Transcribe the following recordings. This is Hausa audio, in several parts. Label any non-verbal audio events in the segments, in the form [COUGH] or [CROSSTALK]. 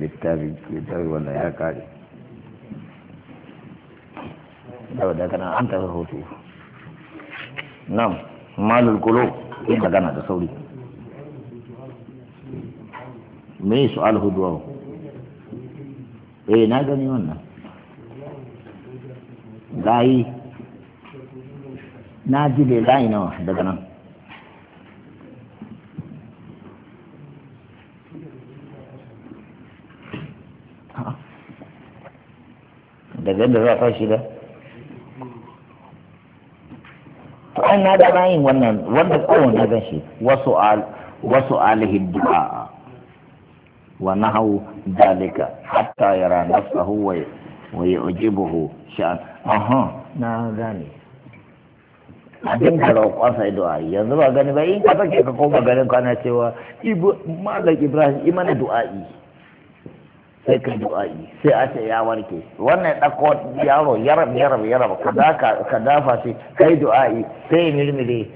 littafi littafi wanda ya kare Daga kana an tafi hoto nan malul kulo yin magana da sauri me su alhuduwa eh na gani wannan gayi na ji bai layi nawa daga nan daga yadda za a fashi da to an na da bayin wannan wanda kowanne gan shi wasu al wasu alihi du'a wa nahawu dalika hatta yara nafsahu wa wa yujibuhu sha'an aha na gane abin da roƙon sai du'a yanzu ba gani ba in ka sake ka koma garin kana cewa malam ibrahim imana du'a'i sai ka du'a'i sai a ce ya warke wannan ɗako yaro yarab yarab yarab ka dafa shi kai du'a'i sai ya mirmire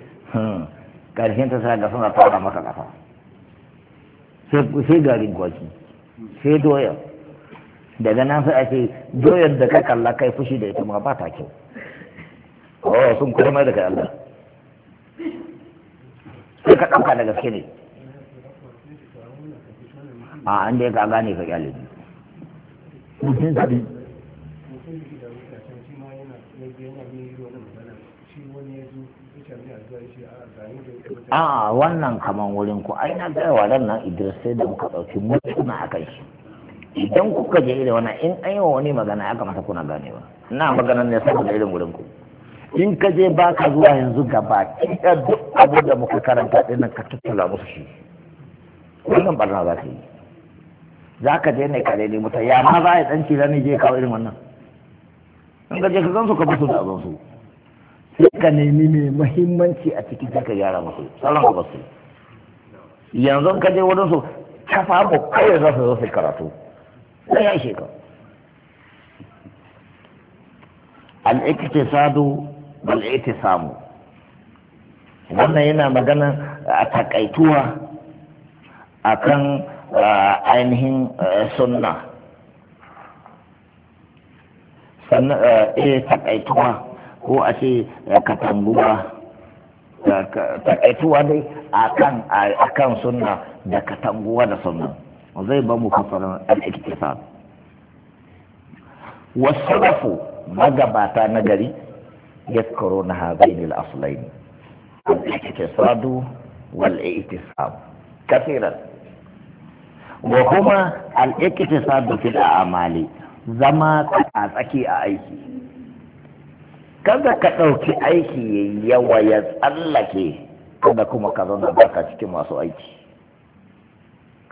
karshen hmm. ta sa ga na fara maka gasa. sai garin gwaki sai doyar daga nan sai ake doyar da ka kalla kai fushi da ita ma ba ta kyau oh sun kuma da kai Allah sai ka ɗauka da gaske ne a an da ya ka gane ka kyalibi mutum sabi a wannan kaman wurin ku ai na gaya wa nan Idris sai da muka ɗauki mutuna a kai shi idan kuka je irin wannan in an yi wa wani magana ya kamata kuna ganewa ina maganar ne saboda irin wurin ku in ka je ba ka zuwa yanzu gaba ɗaya duk abin da muka karanta ɗin ka tattala musu shi wannan barna za ka yi za ka je ne ka daidai mutum ya ma za a yi dan cira ne je kawo irin wannan in ka je ka zan su ka musu da abin su sai ka nemi mai muhimmanci a cikin sai ka gyara musu salon ka basu yanzu ka je wurin su ka samu kawai za su zo su karatu sai ya shekar al'iktisadu bal samu wannan yana magana a takaituwa akan ainihin sunna sannan eh takaituwa ko a ce katanguwa takaituwa dai akan akan sunna da katanguwa da sunna zai ba mu kafaran al-iktisab wasalafu magabata na gari yadhkuruna hadaini al-aslaini al-iktisadu wal-i'tisab kathiran wa kuma al-iktisadu fil a'mali zama a tsaki a aiki kada ka ɗauki aiki ya yawa ya tsallake kada kuma ka zauna baka cikin masu aiki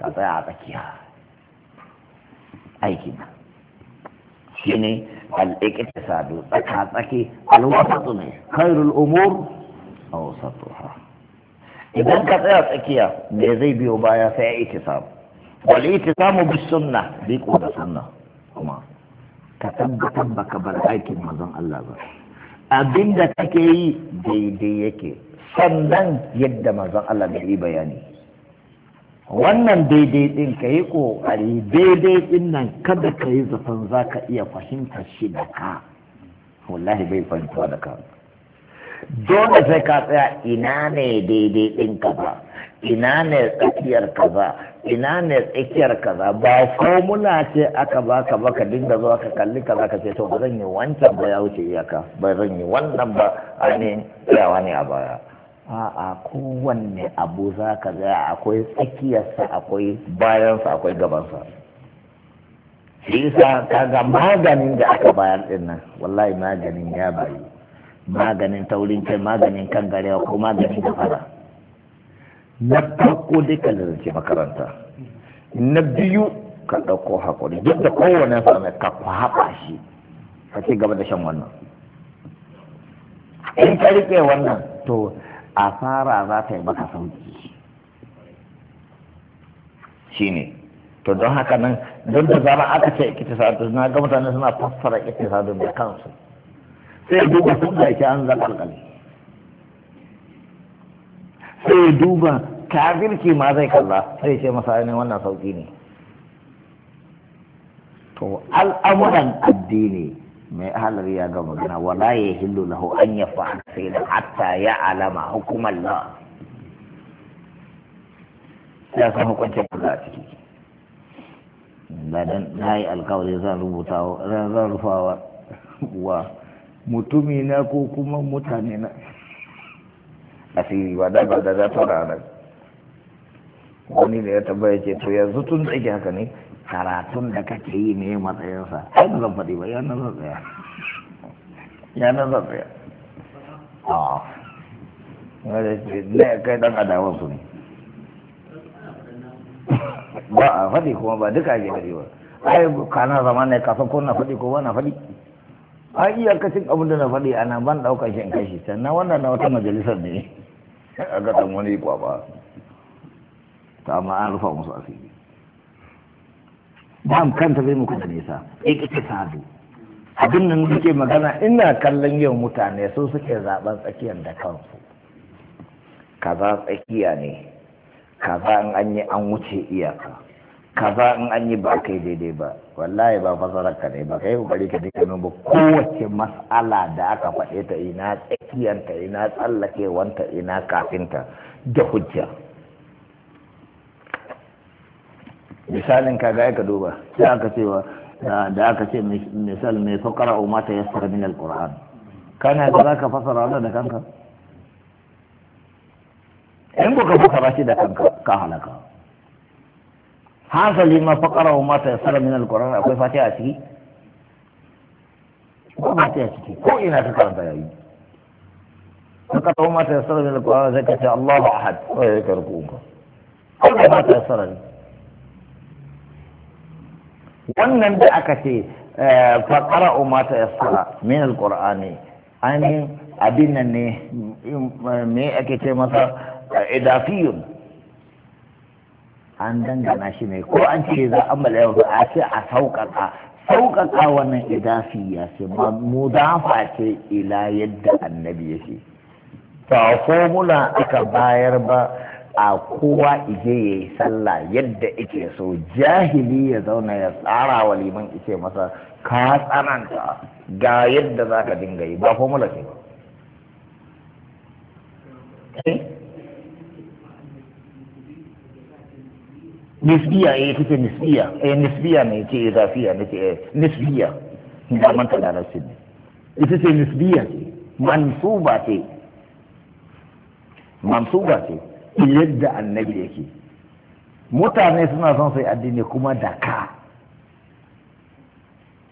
ka tsaya a tsakiya aiki na shi ne al-iktisadu a tsaki al-wasatu ne khairul umur awsatuha idan ka tsaya tsakiya me zai biyo baya sai iktisadu waliti samu bi sunna riko da sunna kuma ka tabbatar baka bar aikin mazan Allah ba abinda kake yi daidai yake sannan yadda mazan Allah da yi bayani wannan daidai din ka yi kokari daidai din nan kada ka yi zafin za ka iya fahimtar shi da ka wallahi bai fahimta da ka dole sai ka tsaya ina ne daidai din ka ba ina ne tsakiyar kaza ina ne tsakiyar kaza ba formula ce aka baka ba ka dinga zuwa ka kalli kaza ka ce to ba zan yi wancan ba ya wuce iyaka ba zan yi wannan ba ne tsayawa ne a baya a'a kowanne abu za ka tsaya akwai tsakiyarsa akwai bayansa akwai gabansa shi yasa kaga maganin da aka bayar din nan wallahi maganin ya bayi maganin taurin kai maganin kan garewa ko maganin gafara na farko dai ka lalace makaranta na biyu ka ɗauko haƙuri duk da kowane sami ka kwaɓa shi ka ci gaba da shan wannan in ka riƙe wannan to asara za ta yi maka sauki ne to don haka nan don da zama aka ce sadu na ga mutane suna fassara sadu da kansu sai duba sun da yake an zakalkali sai ya duba kafirci ma zai kalla sai ce masa ainihin wannan sauki ne to al'amuran addini mai halar ya gama gina wala ya hillu lahu an ya fa'ala sai da hatta ya alama hukumar la ya san hukuncin Allah a ciki ladan na yi alkawari zan rubuta zan rufawa wa mutumi na ko kuma mutane na asiri ba da ba da za ta ranar wani da ya tabbaya ce to yanzu tun da ake haka ne karatun da kake yi ne matsayinsa ai ba zan faɗi ba ya nan zan tsaya [LAUGHS] ya nan zan tsaya ah. a ne kai dan adawan su ne [LAUGHS] ba a faɗi kuma ba duka ake faɗi ba ai kana zama ne kafin ko na faɗi ko ba na faɗi a iyakacin abin da na faɗi ana ban ɗaukar shi in kashi sannan wannan na wata majalisar ne a wani kwaba ta ma rufa musu asiri ba kanta zai muku da nisa iktisadu eh, abin nan suke magana ina kallon yau mutane su suke zaben tsakiyar da kansu kaza tsakiya ne kaza an yi an wuce iyaka kaza in an yi ba kai daidai ba wallahi ba fasarar ka ne ba kai kokari ka dika min ba kowace mas'ala da aka faɗe ta ina tsakiyanta ina tsallakewanta ina kafinta da hujja misalin ka ga ka duba sai aka cewa da aka ce misal mai fakara o mata ya sara min alquran kana da zaka fasara wannan da kanka in ka fasara shi da kanka ka halaka hasa ma fakara wa mata yasara min alƙur'an akwai fatiha a ciki ko mata ya ciki ko ina ta karanta yayi faƙara wa mata yasara min alƙur'an zai ka ce Allahu ahad ko ya ka ruku ka ko mata yasara ne wannan da aka ce fakara wa mata yasara min alƙur'ani ainihin abin nan ne me ake ce masa idafiyun an dangana shi ne ko an ce za a yau a ce a sauƙaƙa sauƙaƙa wannan idafi ya ce mu dafa ce ila yadda annabi ya ce ba formula aka bayar ba a kowa ije ya yi sallah yadda ike so jahili ya zauna ya tsara wa liman ice masa ka tsananta ga yadda za ka dinga yi ba formula ce ba nisbiya ya eh, fi nisbiya eh nisbiya ne ce eh, zafiya ne ce eh, nisbiya da manta da rashin ne ita ce nisbiya ce mansuba ce mansuba ce yadda annabi yake mutane suna son sai addini kuma da ka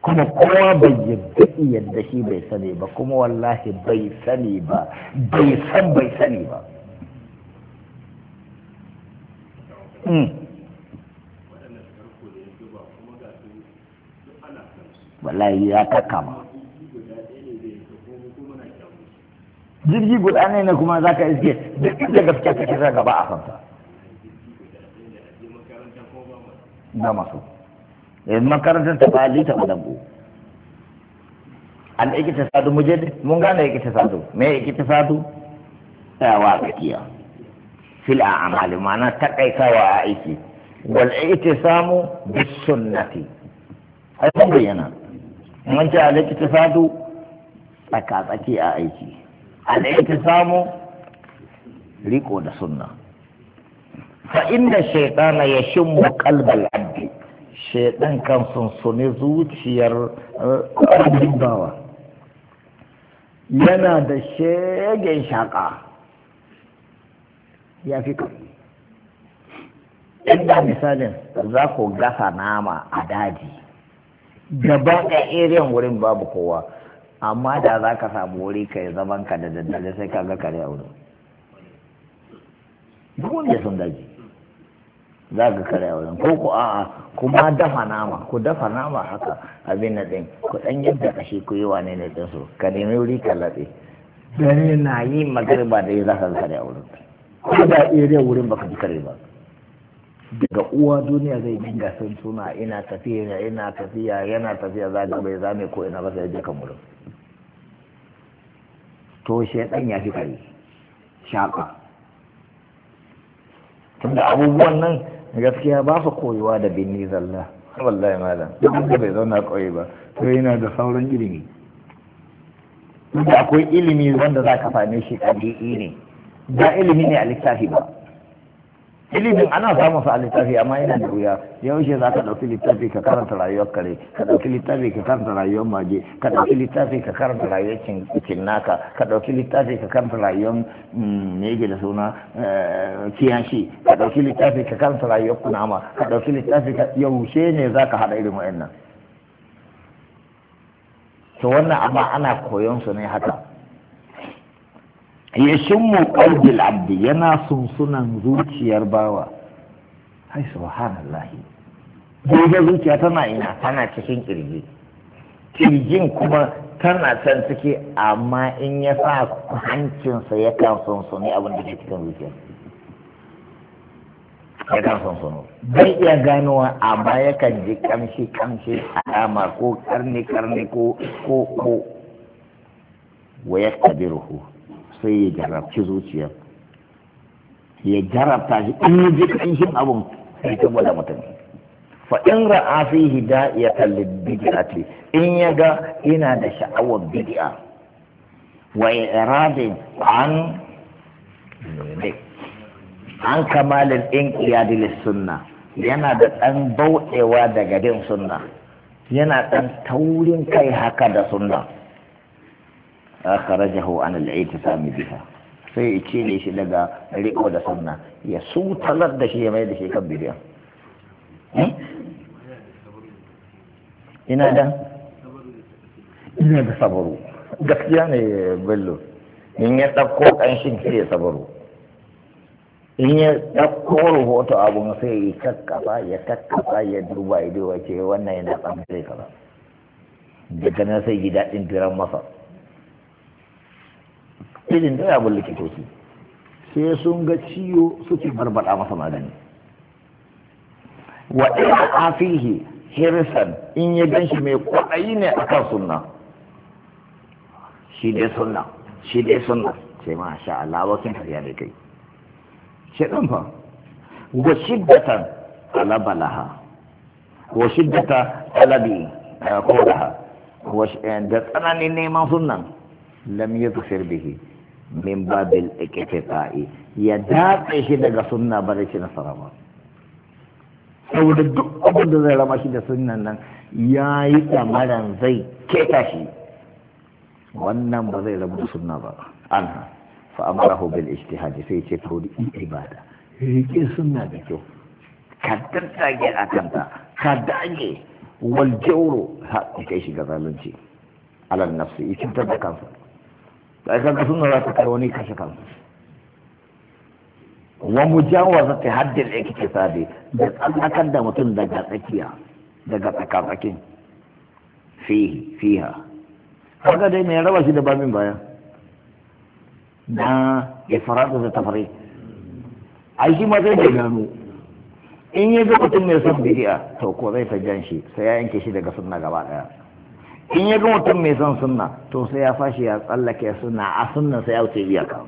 kuma kowa bai yadda yadda shi bai sani ba kuma wallahi bai sani ba bai san bai sani ba hmm. wallahi ya ma jirgi guda ne na kuma za ka iske da inda gaske ta kira gaba a kanta na masu eh, makarantar ta bali ta wadango an ikita sadu ne mun gane ikita sadu me ikita sadu tsayawa tsakiya fil a amali ma'ana takaitawa a aiki wal ikita samu bis nati. ai mun bayyana ta sadu tsaka-tsaki a aiki samu riko da sunna fa inda shaitana ya shimmu kalbal abdi Shaidan kan sunsuni zuciyar ƙarfin eh, bawa yana da shegen shaka. ya fi kan inda misalin za ku gasa nama a daji gaba da irin wurin babu kowa amma da za ka samu wuri ka yi zaman ka da daddare sai ka ga kare a wurin duk wanda sun daji za ka kare a wurin ko ku a'a kuma dafa nama ku dafa nama haka abin na ɗin ku ɗan yadda kashi ku yi wane ne ɗin su ka nemi wuri ka laɗe dare na yi magariba da yi za ka kare a wurin ko da irin wurin baka ji kare ba daga uwa duniya zai dinga sun suna ina tafiya ina tafiya yana tafiya za ga bai zame ko ina ba sai je kan wurin to dan ya fi kai, shaka tunda abubuwan nan gaskiya ba su koyuwa da binni zalla wallahi malam duk da bai zauna koyi ba to yana da sauran ilimi da akwai ilimi wanda za ka fane shi ɗabi'i ne ba ilimi ne a littafi ba ilimin ana samun sa a littafi amma yana da wuya yau shi za ka ɗauki littafi ka karanta rayuwar kare ka ɗauki littafi ka karanta rayuwar maje ka ɗauki littafi ka karanta rayuwar cinnaka ka ɗauki littafi ka karanta rayuwar mm, mege da suna eh, kiyashi ka ɗauki littafi ka karanta rayuwar kunama ka ɗauki littafi ka she ne za ka haɗa irin wa'annan to wannan amma ana koyon su ne haka ya shimmu qalbil abdi yana sunsunan zuciyar bawa hai subhanallah ga zuciya tana ina tana cikin kirji kirjin kuma tana can ciki amma in ya sa hancinsa ya kan sunsuni abin da ke cikin zuciya ya kan sunsuni bai iya ganowa amma ya kan ji kamshi kamshi alama ko karni karni ko ko ko wa ya sai ya jarabci zuciyar ya jarabta shi in ji kanshin shi abun sai ta gwada mutum fa in ra'a ya da'iyatan lid-bid'ati in ya ga ina da sha'awar bid'a wa irade an an kamalin in lis sunna yana da ɗan bauɗewa daga din sunna yana ɗan taurin kai haka da sunna akharajahu an al-i'tisam biha sai ya cire shi daga riko da sunna ya sutalar da shi ya mai da shi kan bidiya ina da ina da sabaru gaskiya ne bello in ya ɗauko ƙanshin sai ya sabaru in ya ɗauko rahoto abu sai ya kakkafa ya kakkafa ya duba ya ce wannan yana sai kaza daga nan sai ji daɗin firan masa fi da ya bulle kitoci. sai sun ga ciwo suke barbada masa magani wa ina afihi hirsan in ya ganshi mai kwaɗayi ne a kan sunna shi dai sunna shi dai sunna sai ma sha Allah wakin kariya da kai dan fa wa shiddatan ala balaha wa shiddata ala bi eh, ko da wa eh, da tsananin neman sunnan lam yadhfir bihi min babil ikitifa'i ya datse shi daga sunna ba da shi na ba saboda duk abin da zai rama shi da sunnan nan ya yi kamaran zai keta shi wannan ba zai rabu da sunna ba ha fa amarahu bil ijtihadi sai ce to di ibada rike sunna da kyau ka tattage a kanta ka dage wal jawru ha kai shi ga zalunci alal nafsi ita da kansa sai kaga sunna za ta kai wani kashe kansu wa mujawaza ta haddin sabe da tsallakar da mutum daga tsakiya daga tsakatsakin fihi fiha kaga dai mai raba shi da babin baya na ya ifradu da tafari ai shi ma zai gano in ya ga mutum mai son bidi'a to ko zai ta jan shi sai ya yanke shi daga sunna gaba daya in ya ga mutum mai son sunna to sai ya fashi ya tsallake sunna a sunna sai ya wuce ka.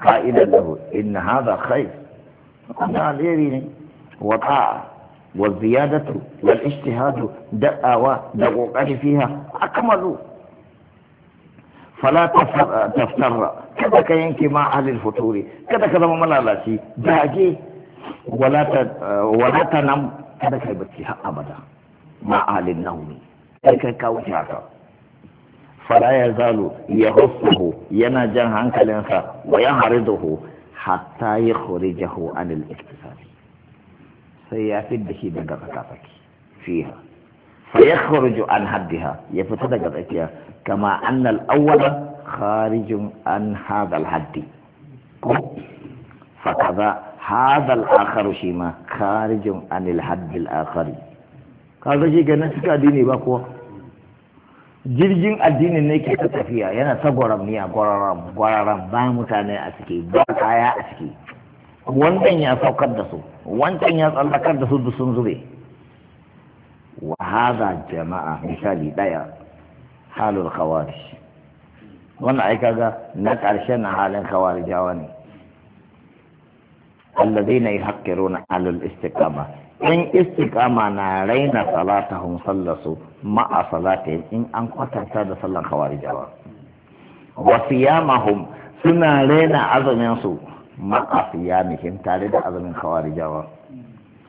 ka'idar lahu inna hadha khair kuma alheri ne wa ta'a wa ziyadatu wal ijtihadu da'awa da kokari fiha akmalu fala taftarra kada ka yanke ma ahlil futuri kada ka zama malalaci dage wala ta wala ta nam kada ka yi bacci har abada ma ahlin nawmi تركك وجهك فلا يزال يغصه ينجح عنك لنفا ويعرضه حتى يخرجه عن الاكتساب سيافد به بغكاتك فيها فيخرج عن حدها يفتدك كما أن الأول خارج عن هذا الحد فكذا هذا الآخر شيما خارج عن الحد الآخر kaga shi ganin suka addini ba kowa jirgin addini ne ke ta tafiya yana ta gwaramiya gwararam gwararam ba mutane a ciki ba kaya a ciki wancan ya saukar da su wancan ya tsallakar da su duk sun zube wa hada jama'a misali daya halul khawarij wannan ai kaga na karshen halin khawarijawa ne alladhina yuhaqqiruna alal istiqama in istiqama na raina salatahum sallasu ma'a salata in an kwatanta da sallan khawarijawa wa siyamahum suna raina azumin su ma'a siyamihim tare da azumin jawa.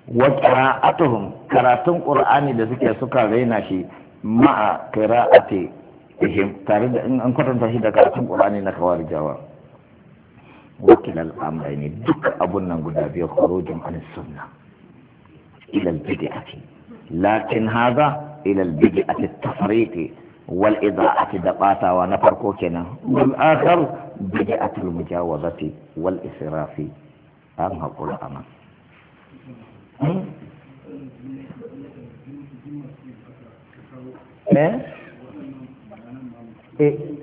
wa qira'atuhum karatun qur'ani da suke suka raina shi ma'a qira'ati ihim tare da in an kwatanta shi da karatun qur'ani na khawarijawa wakilal amrayni duk abun nan guda biyu khurujun an sunnah إلى البدعة لكن هذا إلى البدعة التفريط والإضاءة دقاتا ونفرقو كنا والآخر بدعة المجاوزة والإسراف أم هقول أما إيه